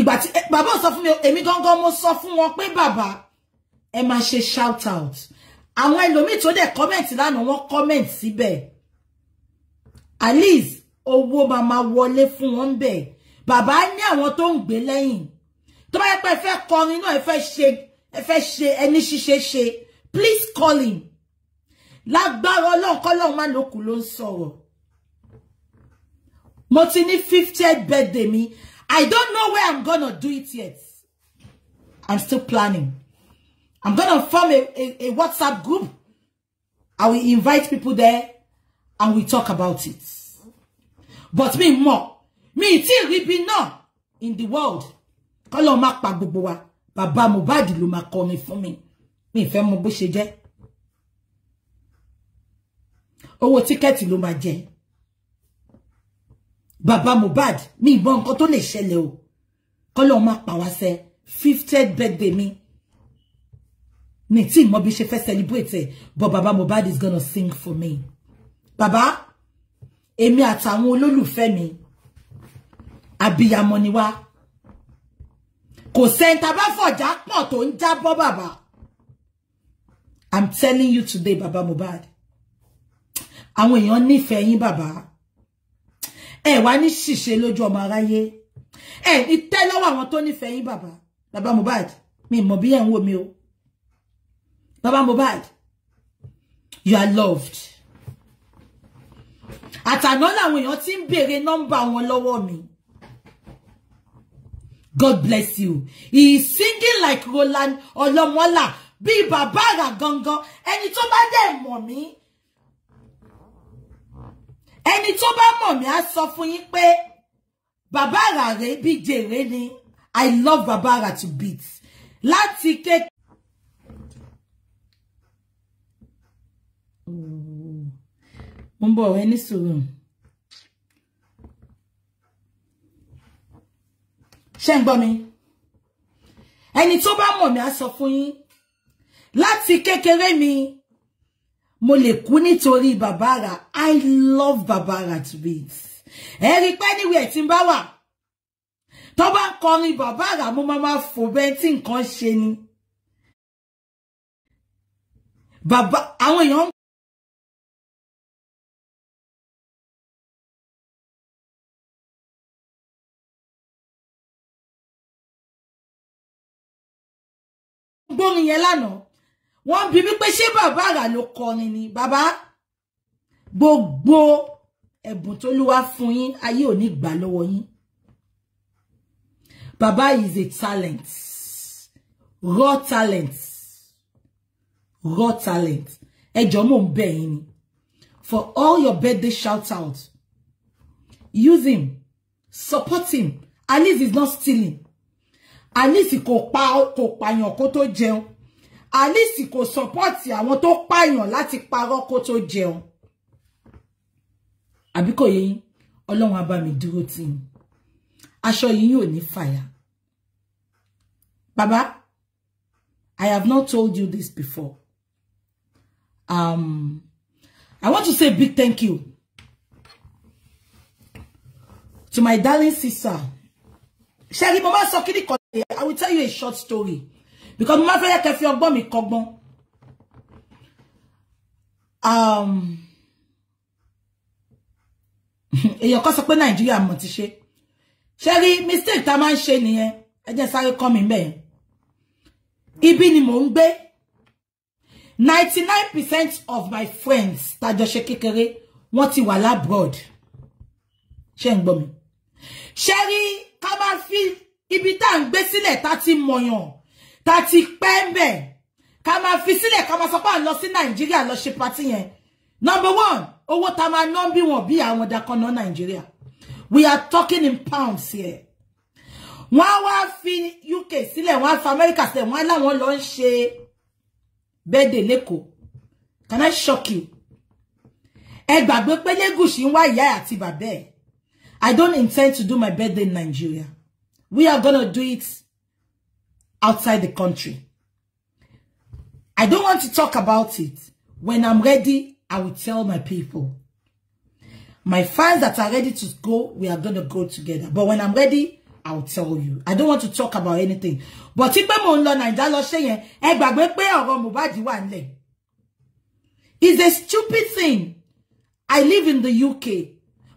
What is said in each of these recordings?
ìgbà tí eh, bàbá ò sọ fún mi èmi gangan mo sọ fún wọn pé bàbá ẹ máa ṣe shout out àwọn ẹlòmíì tó dẹ̀ comment lánàá wọ́n comment síbẹ̀ at least owó máa máa wọlé fún wọn Baba, bàbá ní àwọn tó ń gbé lẹ́yìn tó bá yẹ pé ẹ fẹ́ kọrin náà ẹ fẹ́ ṣe ẹ fẹ́ ṣe please call him lágbára ọlọ́run kọ́lọ́run má lókun ló ń sọ̀rọ̀ mo ti ní fiftieth birthday mi I don't know where I'm going to do it yet. I'm still planning. I'm going to form a, a, a WhatsApp group. I will invite people there and we talk about it. But me more, me still will be not in the world. Kọ́lọ́ má pa gbogbo wa, bàbá Mohbad ló máa kọrin fún mi. Mi fẹ́ mọ bó ṣe jẹ́. Owó tíkẹ́ẹ̀tì ló jẹ. Baba Mubad, mi ìbọn nǹkan tó lè ṣẹlẹ̀ o kọ́lọ́ọ̀ máa pa wá sẹ́ fiftieth birthday mi mi tí mo bí ṣe fẹ́ celebrate but Baba Mubad is gonna sing for me bàbá èmi àtàwọn olólùfẹ́ mi àbíyamọ ni wa. kò sẹ́ńtà bá fọ̀jà pọ̀ tó ń jábọ́ bàbá I'm telling you today bàbá Mohbad àwọn èèyàn fe yín Baba ẹ wá ní ṣìṣe lójú ọmọ aráyé ẹ ní tẹ́ lọ́wọ́ àwọn tó nífẹ̀ẹ́ yín Baba. Baba Mohbad mi mọ̀ bí ẹ̀ ń wò mí o bàbá Mohbad you are loved àtàná làwọn èèyàn ti ń béèrè number, wọn lọ́wọ́ mi God bless you he is singing like Roland Olomola bíi bàbá àrà gangan ẹni tó bá dẹ̀ mọ̀ mí ẹni tó bá mọ̀ mí á sọ fún yín pé bàbá àràrẹ bí jèrè ni i love bàbá àrà to beat láti kékeré. mo ń bọ̀ ẹni sùúrù. ṣé ń gbọ́ mi ẹni tó bá mọ̀ mí á sọ fún yín láti kékeré mi mo lè kú nítorí bàbára i love bàbára to bits ẹ rí pé anywhere tí n bá wà tó bá ń kọrin bàbára mo máa máa fò bẹ́ẹ̀ tí nǹkan ṣe ni bàbá àwọn èèyàn ń yẹn lánàá wọ́n bi mí pé ṣé bàbá àrà ló kọrin ni bàbá gbogbo ẹ̀bùn tó lúwa fún yín ayé ò ní gbà lọ́wọ́ yín bàbá is a talent raw talent raw talent ẹjọ́ mò ń yín for all your birthday shout out use him support him at least he's not stealing at least kò pa kò pààyàn kó tó jẹun alice kò sọpọ́ọ̀tì àwọn tó pààyàn láti parọ́ kó tó jẹun àbí kò yé yín ọlọ́run á bá mi dúró tì yín aṣọ yín ò ní fàyà bàbá i have not told you this before um, i want to say a big thank you to my darling sister sherry mama sọ kí i will tell you a short story because my máa fẹ́ feel fi ọgbọ́n mi kọ́gbọ́n um èèyàn kan sọ pé Montiche. Sherry, mistake tá máa ń ṣe nìyẹn ẹ jẹ́ sáré kọ́ mi bẹ́ẹ̀ ibi ni mò ń ninety nine percent of my friends that just wọ́n kere wà labroad ṣe abroad. Sheng bomi. Sherry, rí ká máa fi ibi tá à ń gbé ta pembe kama fisile kama máa ń lọ nigeria nàìjíríà lọ ṣe patí yẹn number one owó ta máa ná bí wọn bí àwọn dakanná we are talking in pounds here wọ́n á wá fi uk sílẹ̀ wọ́n á america sílẹ̀ wọ́n á láwọn lọ ń ṣe bẹ́ẹ̀dẹ̀ can i shock you ẹ gbàgbé pé lẹ́gùsì wá ìyá àti i don't intend to do my birthday in nigeria we are gonna do it outside the country. I don't want to talk about it. When I'm ready, I will tell my people. My fans that are ready to go, we are going to go together. But when I'm ready, I will tell you. I don't want to talk about anything. But if I'm on Naija i ṣe yẹn, ẹ gbàgbé pé ọ̀rọ̀ Mohbad It's a stupid thing. I live in the UK.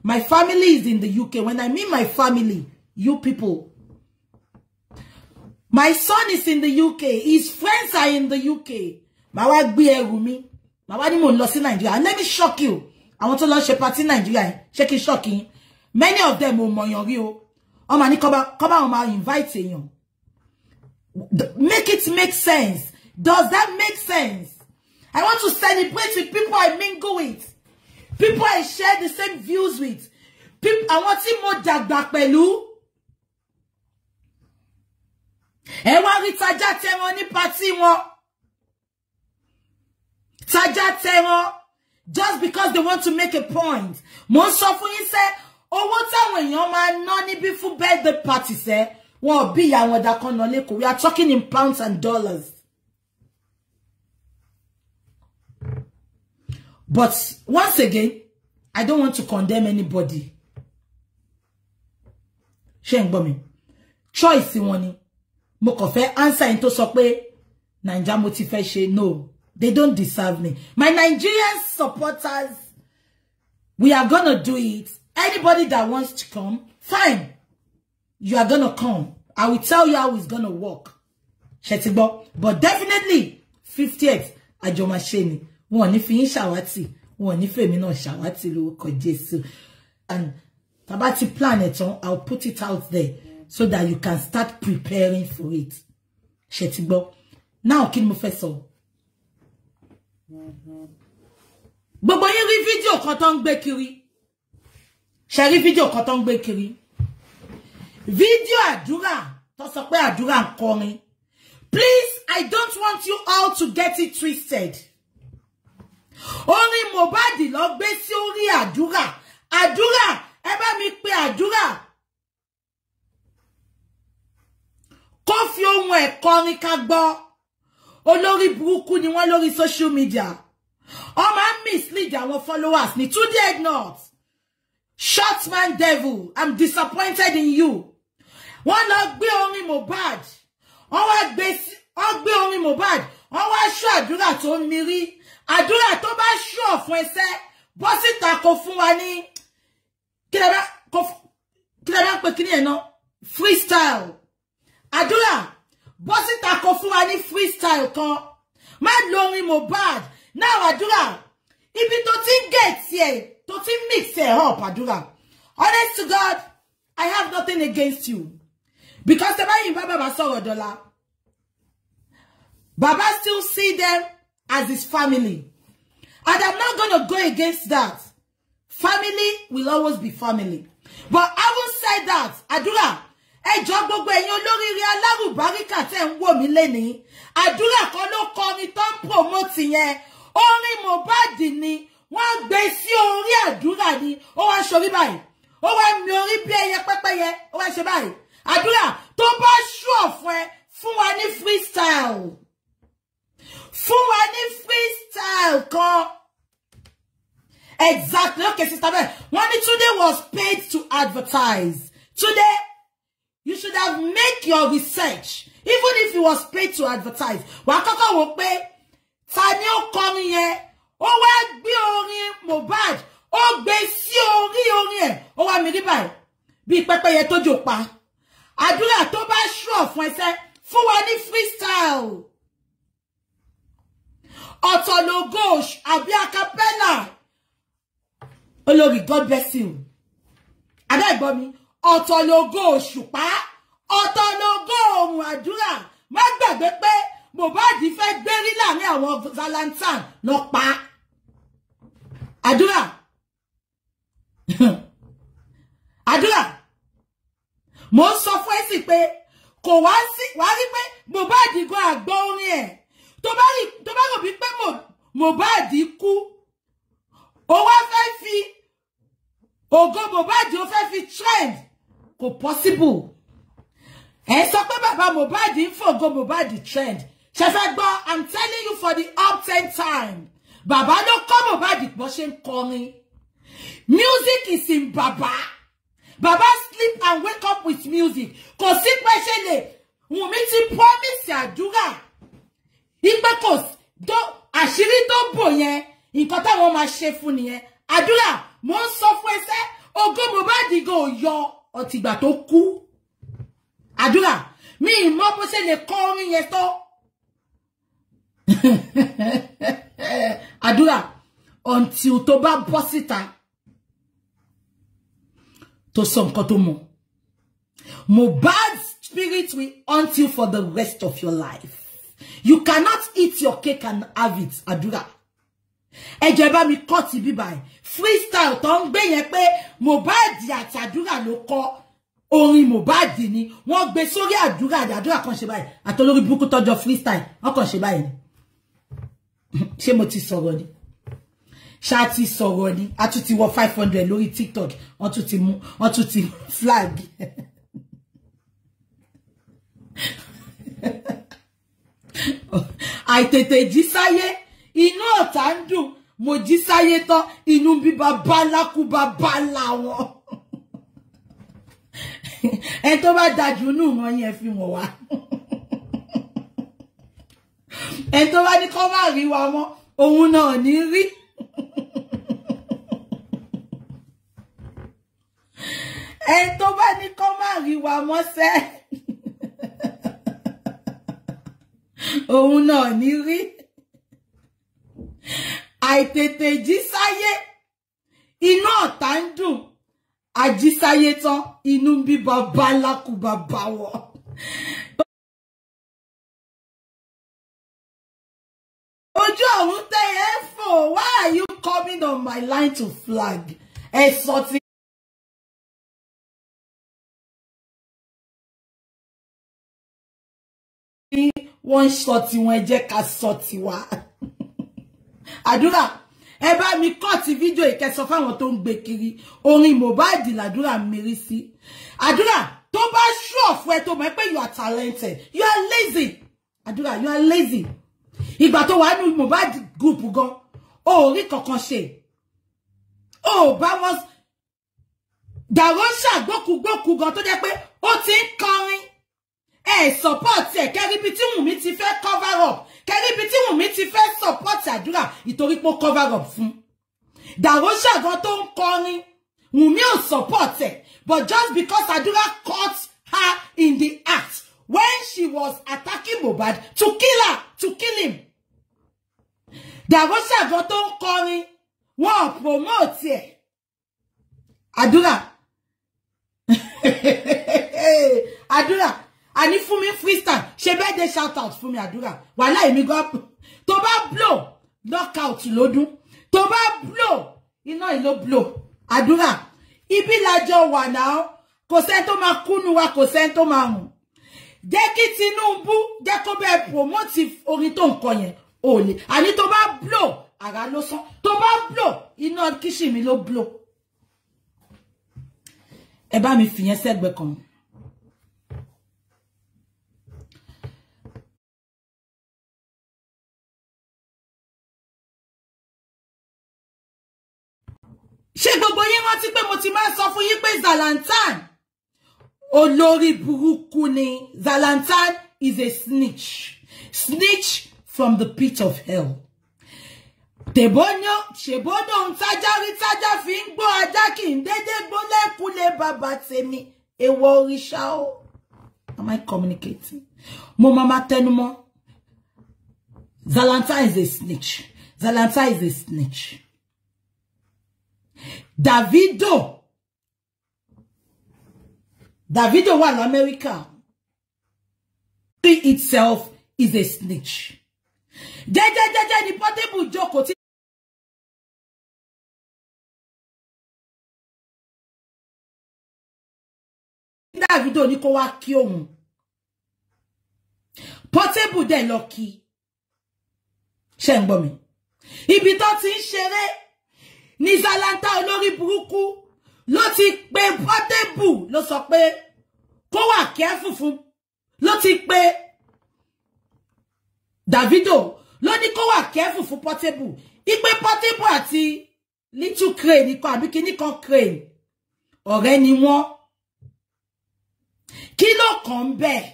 My family is in the UK. When I mean my family, you people my son is in the UK. His friends are in the UK. My wife be ẹrù mi. Màá wá ní mò ń Nigeria. And let me shock you. I want tó launch a party in Nigeria. Ṣé kí shocking. Many of them ò mọ̀yàn rí o. moyan you. máa ní kó come kó ko invite you. Make it make sense. Does that make sense? I want to celebrate with people I mingle with. People I share the same views with. People àwọn tí mo dàgbà pẹ̀lú ẹ wá rí tajá tẹ wọn ní pátì wọn tajá just because they want to make a point mo ń sọ fún yín sẹ owó táwọn èèyàn máa noni níbí fún birthday party sẹ wọn bí ìyá wọn dákan we are talking in pounds and dollars. But once again, I don't want to condemn anybody. Ṣé ń Choice wọn mo fẹ́ answer into tó sọ pé naija mo ti fẹ́ ṣe no they don't deserve me my Nigerian supporters we are gonna do it anybody that wants to come fine you are gonna come I will tell you how it's gonna work but definitely fiftieth Ajoma sheni. wọn ò ní fi yín ṣàwátì wọn ò ní fèmí náà Jésù and tabati planet I will put it out there so that you can start preparing for it. Ṣé Now kí mo feso. sọ. Gbogbo yín rí fídíò kan video ń gbé kiri. Ṣé rí fídíò kan tó gbé kiri. àdúrà àdúrà Please, I don't want you all to get it twisted. Only mobadi ló gbé sí orí àdúrà. Àdúrà ẹ bá àdúrà kọ́ fi ohun ẹ̀kọ́ ní ká gbọ́ olórí burúkú ni buku gbo olori buruku lórí social media wọ́n máa ń mislead àwọn followers ní Tunde Ignat short man devil i'm disappointed in you wọ́n lọ gbé orin Mohbad wọ́n wá gbé wọ́n gbé orin Mohbad wọ́n wá ṣọ́ àdúrà tó ń mirí àdúrà tó bá ṣọ́ fún ẹsẹ̀ bọ́ síta kò fún wa ní miri lè bá ń pè kí ni ki le ba e freestyle àdúrà bossy síta kó fún wa ní freestyle kan má lo orin Mohbad Now àdúrà if it ti get ye, ẹ̀ mix ye. up àdúrà honest to God I have nothing against you because the man in bàbá sọ̀rọ̀ dọ́là bàbá still see them as his family and I'm not gonna go against that family will always be family but I will say that àdúrà ẹjọ́ gbogbo ẹ̀yin olóríire alárùbáríkà tẹ̀ ń wò mí lénìí àdúrà kan ló kọrin tó ń promote yẹn orin Mohbad ni wọ́n gbé sí orí àdúrà ni ó wá ṣorí báyìí ó wá mi orí bí ẹyẹ pẹ́pẹ́yẹ ó wá ṣe báyìí àdúrà tó bá ṣùọ̀ fún ẹ fún wa ní freestyle fún wa ní freestyle kan. Exactly. Okay, sister. When today was paid to advertise. Today you should have make your research even if you was paid to advertise wàá kọ́kọ́ wò pé ta ni ó kọrin yẹn ó wá gbé ó gbé sí orí orin ẹ̀ ó wá mi rí báyìí bíi pẹ́pẹ́yẹ tó jò pa àdúrà tó bá ṣùọ fún ẹsẹ fún wa mi ri bayii bii pepeye to jo pa adura to ba suo fun ese fun freestyle ọ̀tọ̀ ló gosh àbí acapella olórí god bless you Adai mi ọ̀tọ̀ lógo òṣùpá ọ̀tọ̀ lógo ohun àdúrà má gbàgbé pé Mohbad fẹ́ gbérí láàrin àwọn valentine lọ pa àdúrà àdúrà mo sọ fún pé kò wá sí wá rí pé Mohbad gan àgbọ orin ẹ tó bá rò bí pé di kú ó wá fẹ́ fi ògo di ó fẹ́ fi trend kò possible ẹ sọ pé bàbá Mohbad ń fògo Mohbad trend She said, fẹ́ gbọ́ i'm telling you for the up ten time bàbá no come Mohbad bó ṣe ń kọrin music is in bàbá bàbá sleep and wake up with music kò sí pé ṣe lè Wùnmí ti promise àdúrà ipe kò àṣírí tó bò yẹn nǹkan táwọn máa ṣe fún nìyẹn àdúrà mo ń sọ fún ẹsẹ ògo Mohbad gan ò yọ ọtìgbà tó kú àdúrà mi ìmọ̀ bó ṣe lè kọ yẹn tó àdúrà until tó bá bọ́ síta tó sọ nǹkan tó mọ̀ bad spirit will haunt you for the rest of your life you cannot eat your cake and have it àdúrà. ẹjọ bá mi kọ́ ti bíbá ẹ̀ freestyle tó ń gbé yẹn pé Mohbad àti àdúrà ló kọ orin Mohbad ni wọ́n gbé sórí àdúrà àdúrà kan ṣe báyìí àtolórí burúkú tọjọ freestyle wọ́n kàn ṣe báyìí ṣé mo ti sọ̀rọ̀ ni ṣá ti sọ̀rọ̀ ni a tún ti wọ five hundred lórí tiktok wọ́n tún ti mú wọ́n tún ti flag. àìtètè jí sáyé inú ọ̀tá moji dùn inumbi babala sáyé tán wo. bí bàbá lákúbá bá làwọn tó bá yẹn fi wa mọ́ òun náà ní rí. ẹni tó bá ní kọ́ má rí wa mọ́ ri to òun náà ní rí. àìtètè ìjísáyé iná ọ̀tá ń dùn àjísáyé tán inú ń bí bàbá lákùbà bá wọ. ojú ọ̀run tẹ ẹ fò why are you coming on my line to flag ẹ sọ ti. wọ́n ń sọ tiwọn ẹ jẹ́ ká sọ tiwa àdúrà ẹ bá mi kọ́ọ̀tì fídíò ìkẹsọ fáwọn tó ń gbé kiri orin Mohbad làdúrà mérí sí àdúrà tó bá ṣọ̀fù ẹ tó mọ̀ pé you are talented you are lazy àdúrà you are lazy ìgbà tó wà nínú Mohbad group gan o ò rí kankan ṣe o ò bá wọn dàrọ́ ṣàgbókùgbókù gan tó jẹ́ pé ó ti ń kọrin ẹ̀ support ẹ̀ kẹ́ríbi tí wùmí ti fẹ́ cover up kẹ́ni ibi tí Wùnmí ti fẹ́ support àdúrà ìtorí pé ó cover up fún Darosha got on calling, kọrin Wùnmí ò support ẹ̀ but just because àdúrà caught her in the act when she was attacking Mohbad to kill her to kill him Darosha gan tó ń kọrin wọn ò promote ẹ̀ àdúrà àdúrà àní fún mi free shout out for me, àdúrà. wala èmi gan tó bá blow knockout lọ́dún. Tó bá blow iná ìlò blow àdúrà. Ibi lájọ wà náà kò sẹ́ni tó máa kúnnu wa kò to maa máa to Jẹ́ kí Tinubu jẹ́ kó bẹ́ẹ̀ promote orin tó ń kọ yẹn ò lè. Àní tó bá blow àrà ló sán. Tó bá blow iná kíṣì mi ló blow. Eba mi fìyẹn sẹ́gbẹ̀ẹ́ kan. ṣé gbogbo yín rántí pé mo ti máa sọ fún yín pé Zalantan olórí burúkú ni Zalantan is a snitch snitch from the pit of hell tèbónà ṣèbónà ń tájá rí tájá fi ń gbọ́ ajá kì í dédé gbólẹ́kulé bàbá tèmi èèwọ̀ òrìṣà o am I communicating mo mama máa tẹnumọ́ Zalantan is a snitch Zalantan is a snitch. Davido. Davido wà America, He itself is a snitch. Jẹ́jẹ́jẹ́jẹ́ ni Portable joke. tí. Davido ní kó wá kí òun. Portable dẹ̀ lucky. kí. Ṣé ń gbọ́ mi? Ibi tó ti ṣeré ní Zalanta olórí burúkú ló ti pe Portable ló sọ pé kó wà careful fún ló ti pe Davido ló ní kó wà careful fún Portable ipe Portable àti little crane nìkan àbí kíní kan crane ọ̀rẹ́ ni wọ́n kí ló kàn bẹ́ẹ̀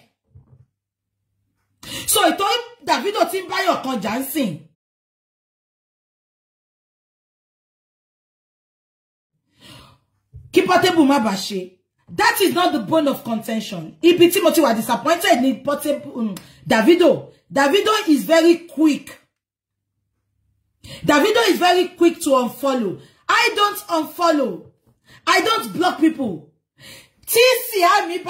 so ìtọ́ Davido ti ń báyọ̀ kan jà Mabashi. That is not the bone of contention. Ibi tí mo wà disappointed in Portable um, Davido. Davido is very quick. Davido is very quick to unfollow. I don't unfollow. I don't block people. TCI me.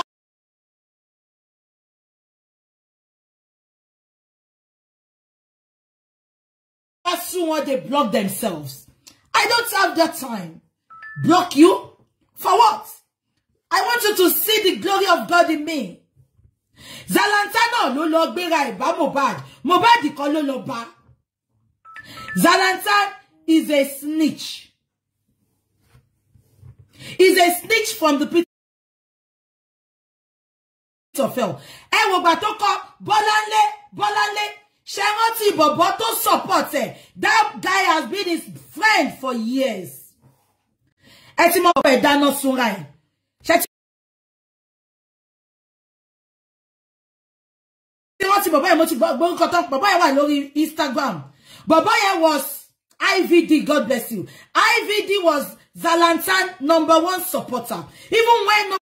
As soon they block themselves. I don't have that time. Block you? For what? I want you to see the glory of God in me. Zalantana ló lọ gbéra ìbá Mohbad. Mohbad kan ló lọ bá. Zalantana is a snitch. Is a snitch from the pit of hell. Ẹ wo gbà tó kọ Bọ́láńlé Bọ́láńlé ṣe rántí bọ̀bọ̀ tó support That guy has been his friend for years ẹ ti mọ̀ pé ìdáná sunra ẹ̀ ṣe tí wọ́n ti bàbá yẹn mo ti gbórúkọ tán bàbá yẹn wà lórí Instagram bàbá yẹn was IVD God bless you IVD was Zalantan number one supporter even when no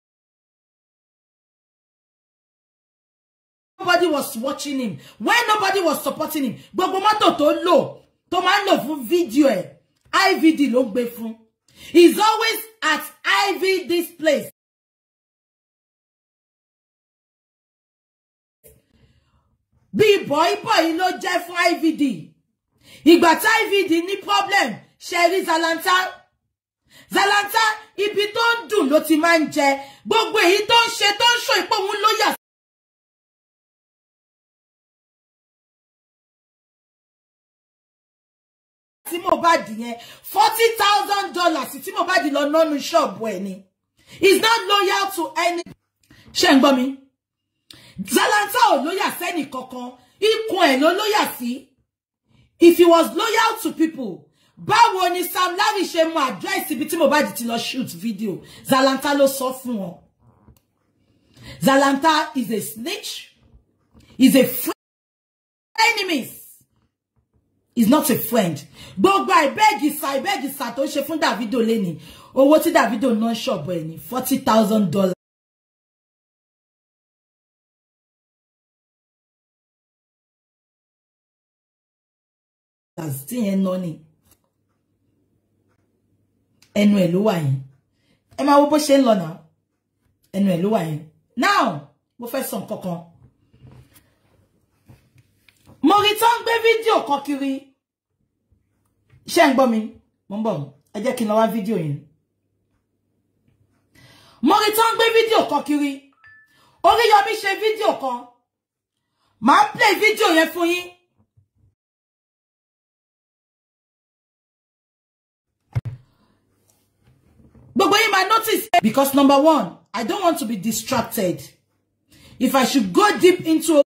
nobody was watching him when nobody was supporting him gbogbo mọ́tò tó lò tó máa ń lò fún fídíò ẹ̀ IVD ló gbé fún. He's always at Ivy this place. Bí boy boy ló jẹ́ fún IVD. Ìgbà tí IVD ní problem Sherry Zalanta. Zalanta if he don't do, ti máa But jẹ. Gbogbo èyí tó ń don't show. He ìpò òun ló yà Mohbad yẹn forty thousand dollars tí Mohbad lọ nánu ṣọ́ọ̀bù ẹ̀ ni is not loyal to any. ṣé ń Zalanta ò lóyà sẹ́nì kankan ikùn ẹ̀ ló lóyà sí if he was loyal to people báwo ni Sam Larry ṣe mọ àdírẹ́sì ibi tí Mohbad ti lọ shoot video Zalanta ló soft fún Zalanta is a snitch is a friend enemies is not a friend gbogbo àìbẹ́ẹ̀gìsà àìbẹ́ẹ̀gìsà tó ń ṣe fún Davido lẹ́ni owó tí Davido ná ṣọ̀bù ẹ̀ ní forty thousand dollars. tí yẹn ná ni ẹnu ẹ̀ ló wà yẹn ẹ máa wo bó ṣe ń lọ náà ẹnu ẹ̀ ló wà yẹn now mo fẹ́ sọ nǹkan kan. mori rí tó ń gbé fídíò kan kiri ṣé ń gbọ́ mi mo ń bọ̀ ẹ jẹ́ kí n e je ki fídíò video yen mo rí tó ń gbé fídíò kan kiri Oríyọmí ṣe fídíò kan màá play video yẹn fún yín. gbogbo yín máa notice. because number one I don't want to be distracted if I should go deep into.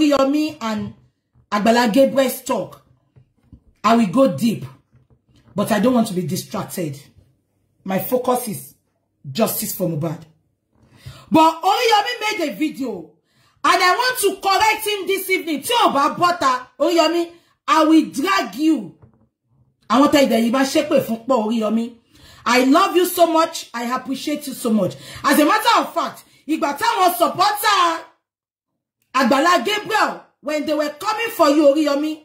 Yomi and Agbala Gabriel's talk. I will go deep, but I don't want to be distracted. My focus is justice for Mubad. But Oyomi made a video, and I want to correct him this evening. Tí ó bá Oyomi, I will drag you. Àwọn tẹ ìdẹ̀yìn bá ṣépè fún pọ̀ Oyomi. I love you so much. I appreciate you so much. As a matter of fact, ìgbà táwọn supporter Agbala Gabriel, when they were coming for you, Oriyomi,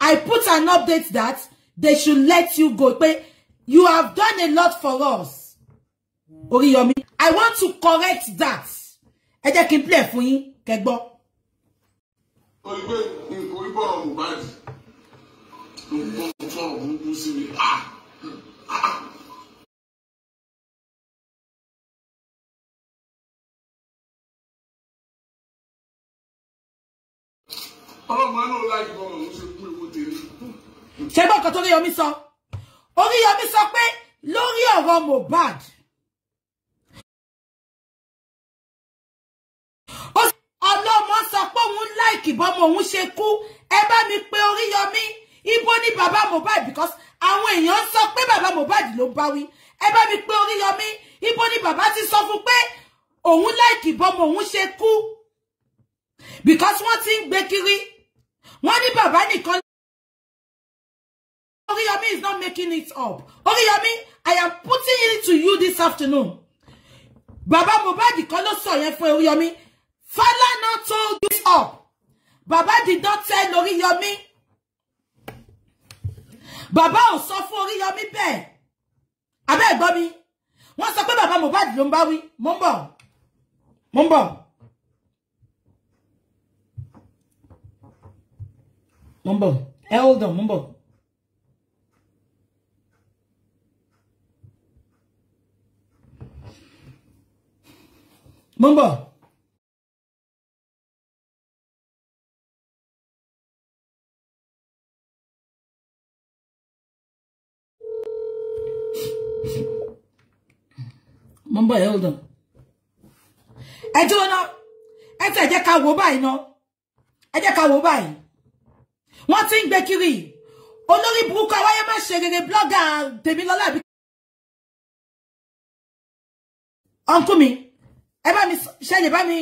I put an update that they should let you go. But you have done a lot for us, Oriyomi. I want to correct that. I just can play for you, kẹ́ ah. ah! ọlọ́mọ náà láì ṣe kú ewu tèmi. ṣé gbọ́ nǹkan tó Oríyọmí sọ Oríyọmí sọ pé lórí ọ̀rọ̀ Mohbad ọlọ́mọ sọ pé òun láìkì bọ́mọ òun ṣe kú ẹ bá mi pé Oríyọmí ibo ni bàbá Mohbad because àwọn èèyàn sọ pé bàbá bad ló bá wí ẹ bá mi pé Oríyọmí ibo ni bàbá ti sọ fún pé òun láìkì bọ́mọ òun ṣe kú because wọ́n ti ń gbé kiri wọ́n ní bàbá nìkan. Oriyomi is not making it up. Oriyomi, I am putting it to you this afternoon. Baba Mohbad kọ́ ló sọ for fún Oriyomi. not told this up. Baba did not tell Oriyomi. Baba ò Oriyomi bẹ́ẹ̀. Abẹ́ ẹ̀gbọ́n mi. Wọ́n sọ bàbá Mohbad ló ń bá mo ń bọ̀ ẹ hold on mo ń bọ̀. mo ń bọ̀. mo ń bọ̀ ẹ hold on. ẹ jóná ẹ tẹ̀ ẹ jẹ́ ká wò báyìí ná ẹ jẹ́ ká wò wọ́n thing ń gbé kiri olórí burúkú awáyé má ṣe rere blọ́gà Tèmilọ́lá àbí. ọ̀nkú mi ẹ bá mi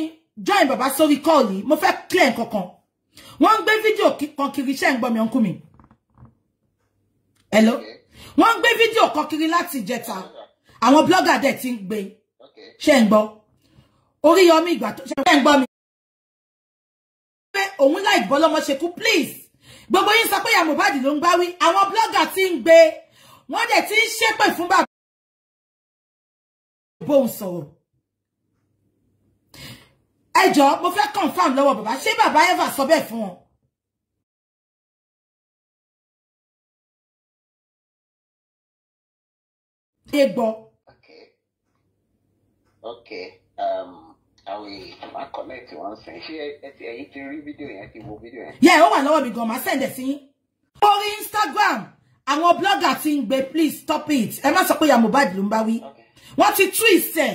join bàbá sórí kọ́ọ̀lì mo fẹ́ clear nǹkan kan wọ́n ń kiri ṣẹ́ ń mi hello wọ́n ń video fídíò kiri láti ìjẹta àwọn blogger dẹ̀ ti ń gbé ṣẹ́ ń gbọ́ orí yọmí ìgbà tó ṣẹ́ bala gbọ́ mi. please gbogbo yín sọ pé ìyá Mohbad ló ń bá wí àwọn blogger ti ń gbé wọ́n dẹ̀ ti ń ṣépè fún bàbá bóun sọ̀rọ̀ ẹ mo fẹ́ confam lọ́wọ́ bàbá ṣé bàbá ever sọ bẹ́ẹ̀ fún okay okay um yeah, oh my lord, we sìn ṣé ẹtì ẹ̀yin ti rí fídíò yẹn ti wo send ẹ sí yín. orí Instagram àwọn blogger thing, but please stop it I'm not supposed to be ló mobile bá wí wọ́n ti twist ẹ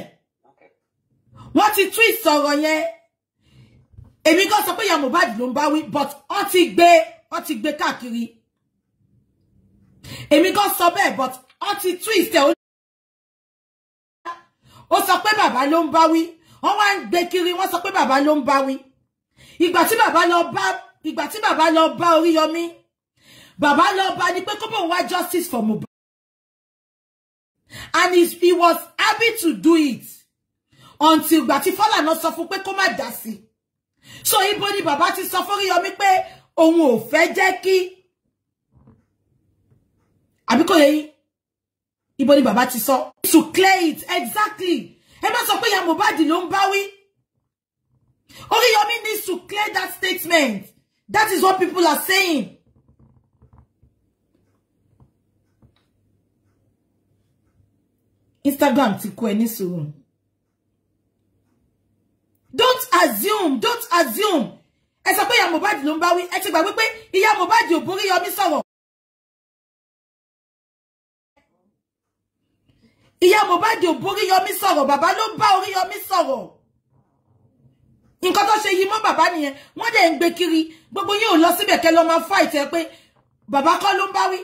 What ti twist ọ̀rọ̀ yẹn èmi kan sọ pé ìyá Mohbad ló ń bá wí but wọ́n ti gbé wọ́n ti gbé káàkiri èmi supposed sọ bẹ́ẹ̀ but wọ́n ti twist ẹ ó sọ pé bàbá ló ń bá wí. wọ́n wá ń gbé kiri wọ́n sọ pé bàbá ló ń bá wí ìgbà tí bàbá lọ bá ìgbà tí bàbá lọ bá Oríyọmí bàbá lọ bá ní pé kóbò wá justice for Mohbad and he was happy to do it until ìgbà tí Fọlànà sọ fún pé kó má dá sí so ibo ni bàbá ti sọ fún Oríyọmí pé òun ò fẹ́ jẹ́ kí àbí kò yẹ yín ibo ni bàbá ti sọ to clear it exactly ẹ má sọ pé ìyá Mohbad ló ń bá wí Oríyọmí needs to clear that statement that is what people are saying. Instagram ti kú ẹ sùúrù. Don't assume, don't assume. Ẹ sọ pé ìyá Mohbad ló ń bá wí, ẹ ti gbàgbé pé ìyá Mohbad ò borí Yọmí sọ̀rọ̀. ìyá Mohbad ò bóríyọmí sọ̀rọ̀ bàbá ló bá Oríyọmí sọ̀rọ̀ nǹkan ṣe mọ́ bàbá dẹ̀ kiri ò lọ síbẹ̀ kẹ́ lọ fight ẹ pé bàbá kọ́ ló wí.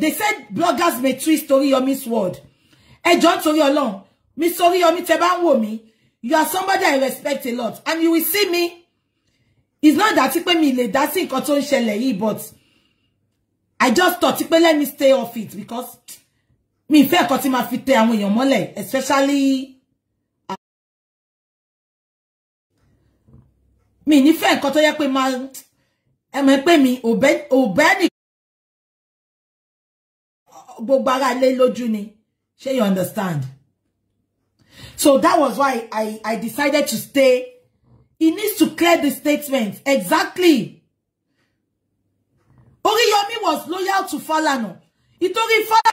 They said bloggers may twist Oriyomi's word. Ẹ jọ̀ọ́ nítorí Ọlọ́run, Miss Oriyomi or bá you are somebody I respect a lot and you will see me it's not that pé mi lè dá sí nǹkan tó ń ṣẹlẹ̀ but i just thought it let me stay off it because me fair nǹkan tí máa fi tẹ àwọn èèyàn mọ́lẹ̀ especially me. ní fair nǹkan tó yẹ pé máa ẹ mọ̀ pé obey òbẹ́ nìkan gbogbo ara lé lójú you understand so that was why i i decided to stay he needs to clear the statement. Exactly. Oriyomi was loyal to Falana. Itori Falana. Falano.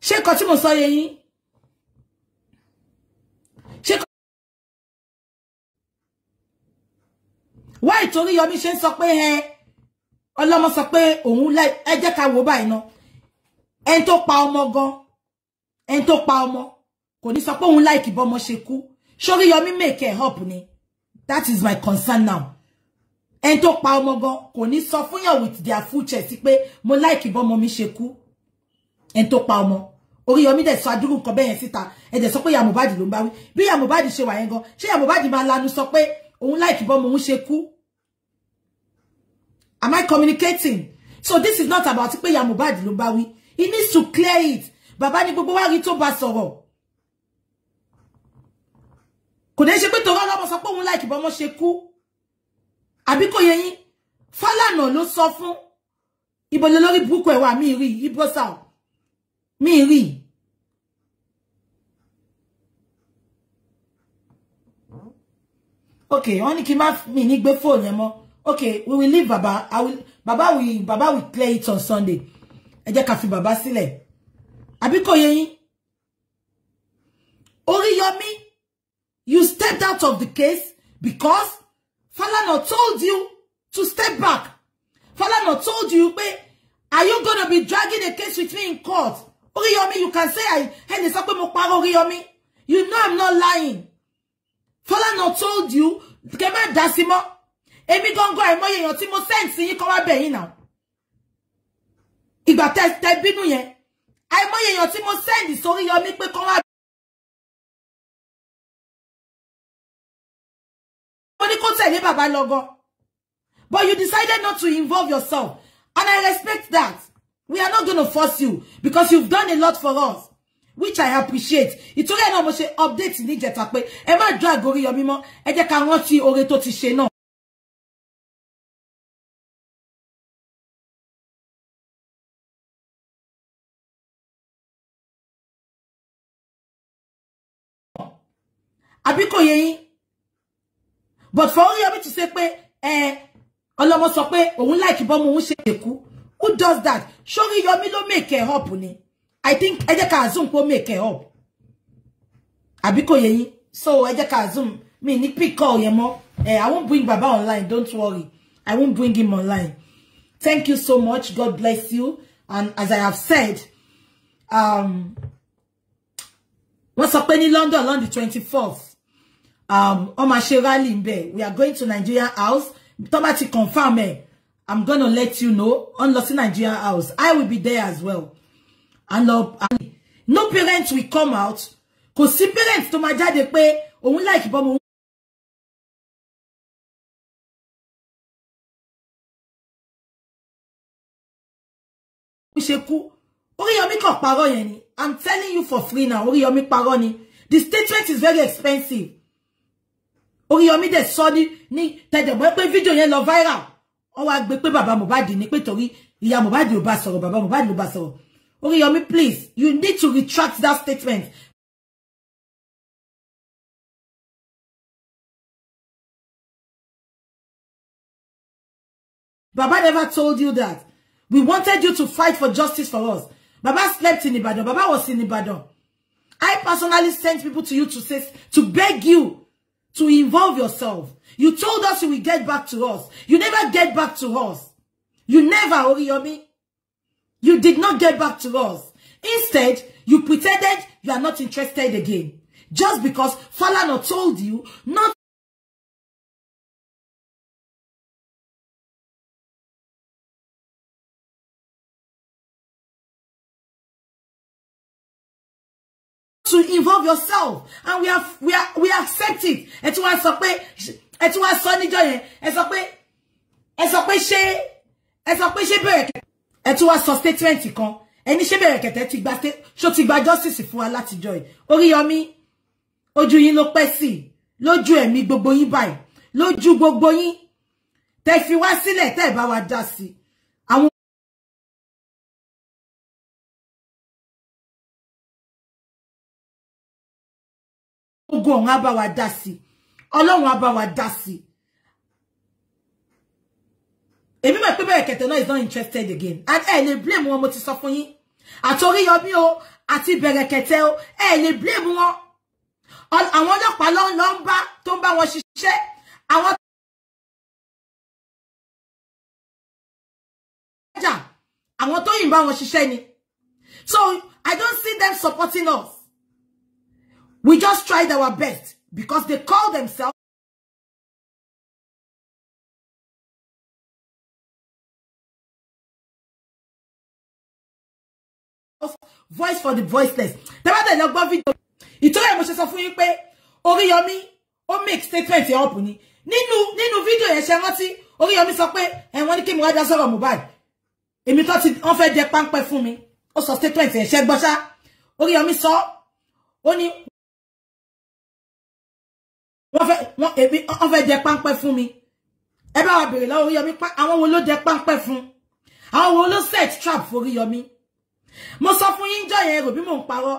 She tí mo sọ yé yín? Ṣé nǹkan. Wá ìtorí Yomi ṣe ń sọ ọlọ́mọ sọ pé òun láì ẹ jẹ́ ká wo báyìí ná ẹni tó pa ọmọ gan ẹni tó pa ọmọ kò ní sọ pé òun láì kì bọ́mọ ṣe kú sórí yọmí make help up ni that is my concern now ẹni tó pa ọmọ gan kò ní sọ fún yàn with their full chest pé mo láì kì bọ́mọ mi ṣe kú ẹni tó pa ọmọ Oríyọmí dẹ̀ sọ adúrú nǹkan bẹ́yẹn síta ẹ dẹ̀ sọ pé ìyá Mohbad ló ń wí bí ìyá Mohbad ṣe wà yẹn gan ṣé ìyá Mohbad máa lanu sọ pé òun láì kì bọ́mọ òun ṣe kú Am I communicating? So this is not about pé ìyá Mohbad He needs to clear it. Bàbá ni gbogbo wa rí tó bá sọ̀rọ̀. Kò dẹ̀ ṣe pé toro lo mo sọ pé òun like bo mo ṣe kú. Àbí kò yé Falana ló sọ fún. Ibo le lórí buku ẹ wà mi rí, ibo sa. Mi rí. Okay, ó kí ma mi ní gbé phone ẹ mọ́. Okay, we will leave Baba. I will Baba We Baba will play it on Sunday. Ẹ jẹ́ ká fi Baba sílẹ̀. Àbí kò yé Oriyomi, you stepped out of the case because Falano told you to step back. Falano told you pé are you going to be dragging the case with me in court? Oriyomi, you can say I ẹni sọ pé mo Oriyomi. You know I'm not lying. Falano told you, kẹ́ má èmi gangan àìmọye èèyàn tí mo sẹ́ǹtì yín kọ́ wá bẹ̀ yín náà ìgbà tẹ bínú yẹn àìmọye èèyàn tí mo sẹ́ǹdì sórí yọmí pé kọ́ wá. mo ní kó tẹ̀lé bàbá lọ́gọ́ but you decided not to involve yourself and I respect that we are not gonna force you because you've done a lot for us which I appreciate It's okay mo ṣe update níjẹta pé ẹ má drag orí yọmí mọ́ ẹ jẹ́ ká rántí oore tó ti ṣe náà. àbí kò yé yín but for Oriyomi to say pé eh ọlọ́mọ sọ pé òun like bo mo òun ṣe eku who does that sori yomi ló make it up ni i think ẹ jẹ́ ká zoom ko make up àbí kò yé yín so ẹ jẹ́ ká zoom mi ní pick call yẹn mọ́ eh i won't bring baba online don't worry i won't bring him online thank you so much god bless you and as i have said um what's sọ London on the 24th um Oma rally we are going to Nigeria house tó confirm ti i am i'm gonna let you know on lọ Nigeria house i will be there as well and no parents will come out Cause sí parent tó my dad pé òun like bọ́mọ Oríyọmí i'm telling you for free now Oríyọmí the statement is very expensive Oríyọmí dẹ̀ sọ ní ní tẹ̀dẹ̀ mọ́ pé fídíò yẹn lọ viral wọ́n wá gbé pé bàbá Mohbad ní pé torí ìyá Mohbad ò bá sọ̀rọ̀ bàbá Mohbad ló bá sọ̀rọ̀ Oríyọmí please you need to retract that statement Baba never told you that. We wanted you to fight for justice for us. Baba slept in Ibadan. Baba was in Ibadan. I personally sent people to you to say, to beg you to involve yourself. You told us you will get back to us. You never get back to us. You never, Oriyomi. You did not get back to us. Instead, you pretended you are not interested again. Just because Falano told you not yourself and we have we are we accept it ẹ ti wá sọ pé ẹ ti wá sọ níjọ́ yẹn ẹ sọ pé ẹ sọ pé ṣé ẹ sọ pé ṣé bẹ̀rẹ̀ ẹ ti wá sọ statement kan ẹni ṣé bẹ̀rẹ̀ kẹ̀tẹ̀ ti gba ṣó ti gba justice fún wa látijọ́ yìí Oríyọmí ojú yín ló pẹ́ sí lójú ẹ̀mí gbogbo yín báyìí lójú gbogbo yín tẹ́ fi wá sílẹ̀ tẹ́ bá wa dá wa da gbogbo ọ̀hún á bá wa dá sí ọlọ́run á bá wa dá sí èmi mọ̀ pé bẹ́ẹ̀ kẹ̀tẹ̀ náà is not interested again and ẹ̀ lè blame wọn mo ti sọ fún yín àtòrí yọmí o àti bẹ̀rẹ̀ kẹ̀tẹ̀ o ẹ̀ lè blame wọn àwọn ọlọ́pàá ló ń bá tó ń bá wọn ṣiṣẹ́ àwọn àwọn tó yìnbọn wọn ṣiṣẹ́ ni so I don't see them supporting us We just tried our best because they call themselves voice for the voiceless. Tẹ́lá tẹ̀lé ọgbọ́n fídíò. Ìtọ́lá ẹ̀ mo ṣe sọ fún Oríyọmí ó make statement ẹ̀ ọ̀pù ni. Nínú nínú fídíò yẹn ṣe Oríyọmí sọ pé ẹ̀wọ̀n ní kí mi wá dá sọ̀rọ̀ Mohbad. Èmi tó ti wọ́n fẹ́ jẹ páńpẹ́ fún mi. Ó sọ statement ẹ̀ ṣẹ́ gbọ́ṣá. Oríyọmí saw ó wọ́n fẹ́ wọ́n èmi wọ́n fẹ́ jẹ páńpẹ́ fún mi ẹ bá wa bèrè lọ́wọ́ Oríyọmí àwọn wo ló jẹ páńpẹ́ fún àwọn wo ló set trap for Oríyọmí mo sọ fún yín jọ yẹn rò bí mò ń parọ́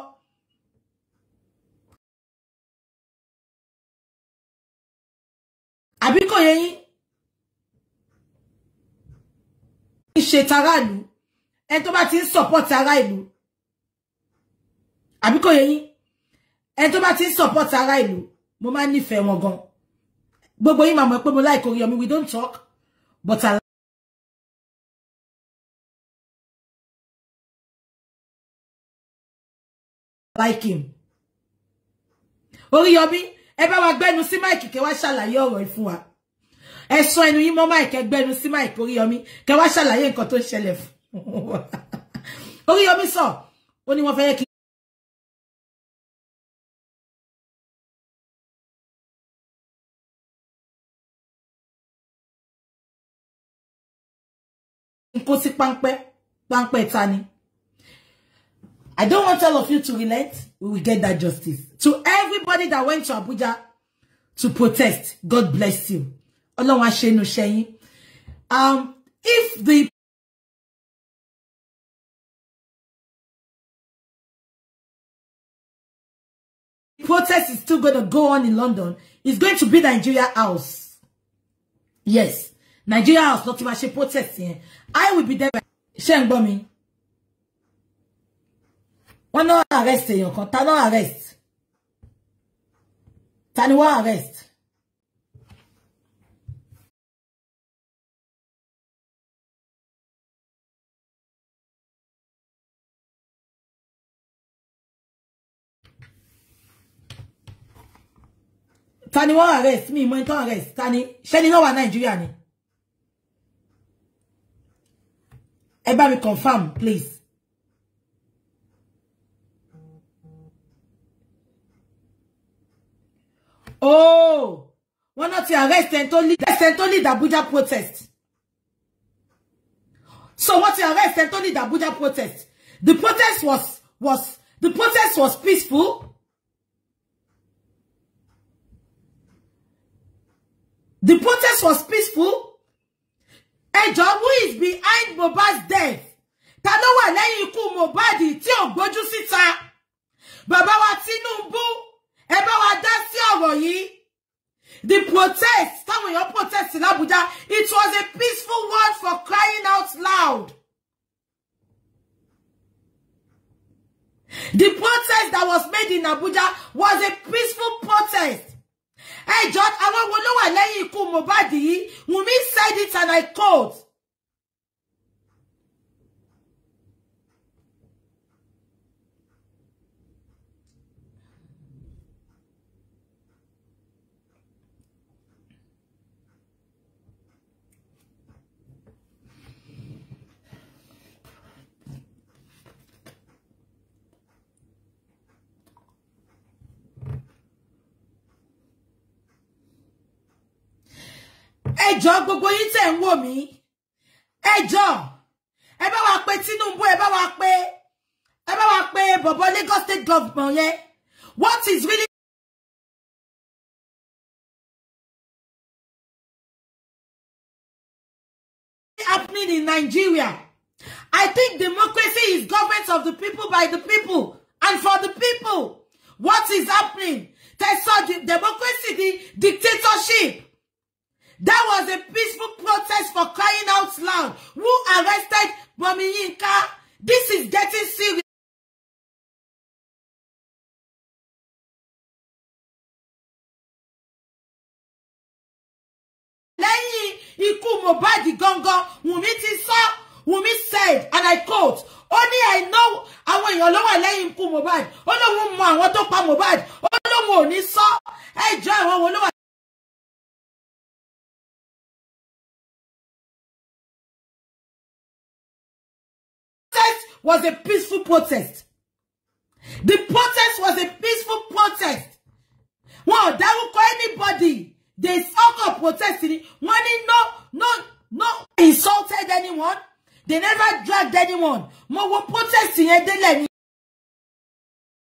àbí kò yé yín ń ṣe taráàlú ẹni tó bá ti ń support ara ìlú àbí kò yé yín ẹni tó bá ti ń support ara ìlú. mo ni fe wọn gan gbogbo yín máa mọ̀ pé mo like Oriyomi we don't talk but I like him Oriyomi ẹ bá wa gbẹnu sí Mike kẹ́ wá ṣàlàyé ọ̀rọ̀ yìí fún wa ẹ sọ ẹnu yín mọ́ Mike gbẹnu sí Mike Oriyomi kẹ́ wá ṣàlàyé nǹkan tó ṣẹlẹ̀ fún Oriyomi sọ oni ní wọ́n fẹ́ kí kó sí páńpẹ́ páńpẹ́ I don't want all of you to relent. We will get that justice. To everybody that went to Abuja to protest, God bless you. Ọlọ́run á ṣe Um, if the protest is still going to go on in London, it's going to be Nigeria House. Yes. Nigeria house not even máa ṣe I will be there ṣé ń gbọ́ mi wọ́n arrest èèyàn kan ta náà arrest ta ni arrest ta wọ́n arrest Me, ìmọ̀ ìtọ́ arrest ta ni no náà wà Nàìjíríà ni. ẹ bá confirm please. Oh, why not you arrest ẹni tó lead ẹni Abuja protest. So what you arrest ẹni tó lead Abuja protest. The protest was was the protest was peaceful. The protest was peaceful ẹ jọ̀ọ́ who is behind Mohbad's death Tano wà lẹ́yìn ikú Mohbad tí ò gbójú síta bàbá wa Tinubu ẹ bá wa dá sí ọ̀rọ̀ yìí the protest táwọn èèyàn protest in Abuja it was a peaceful one for crying out loud the protest that was made in Abuja was a peaceful protest ẹ jọ àwọn wo ló wà lẹ́yìn ikú Mohbad yìí Wunmi said it and I quote ẹjọ́ gbogbo yín tẹ̀ ń wò mí ẹjọ́ ẹ bá wa pè Tinubu ẹ bá wa pè ẹ bá wa pè bọ̀bọ̀ Lagos state government yẹn what is really. happening in Nigeria I think democracy is government of the people by the people and for the people what is happening They tẹsán democracy di dictatorship that was a peaceful protest for crying out loud. Who arrested Mami Yinka? This is getting serious. Lẹ́yìn ikú Mohbad gangan, Wùmí ti sọ, said, and I quote, Only I know àwọn èèyàn ló wà lay in Mohbad, ó lóun mọ àwọn tó pa Mohbad, ó lóun ò ní sọ, was a peaceful protest. The protest was a peaceful protest. they will call anybody. They up protesting. Money no, no, no insulted anyone. They never dragged anyone. More protesting, protest yẹn délẹ̀ ni.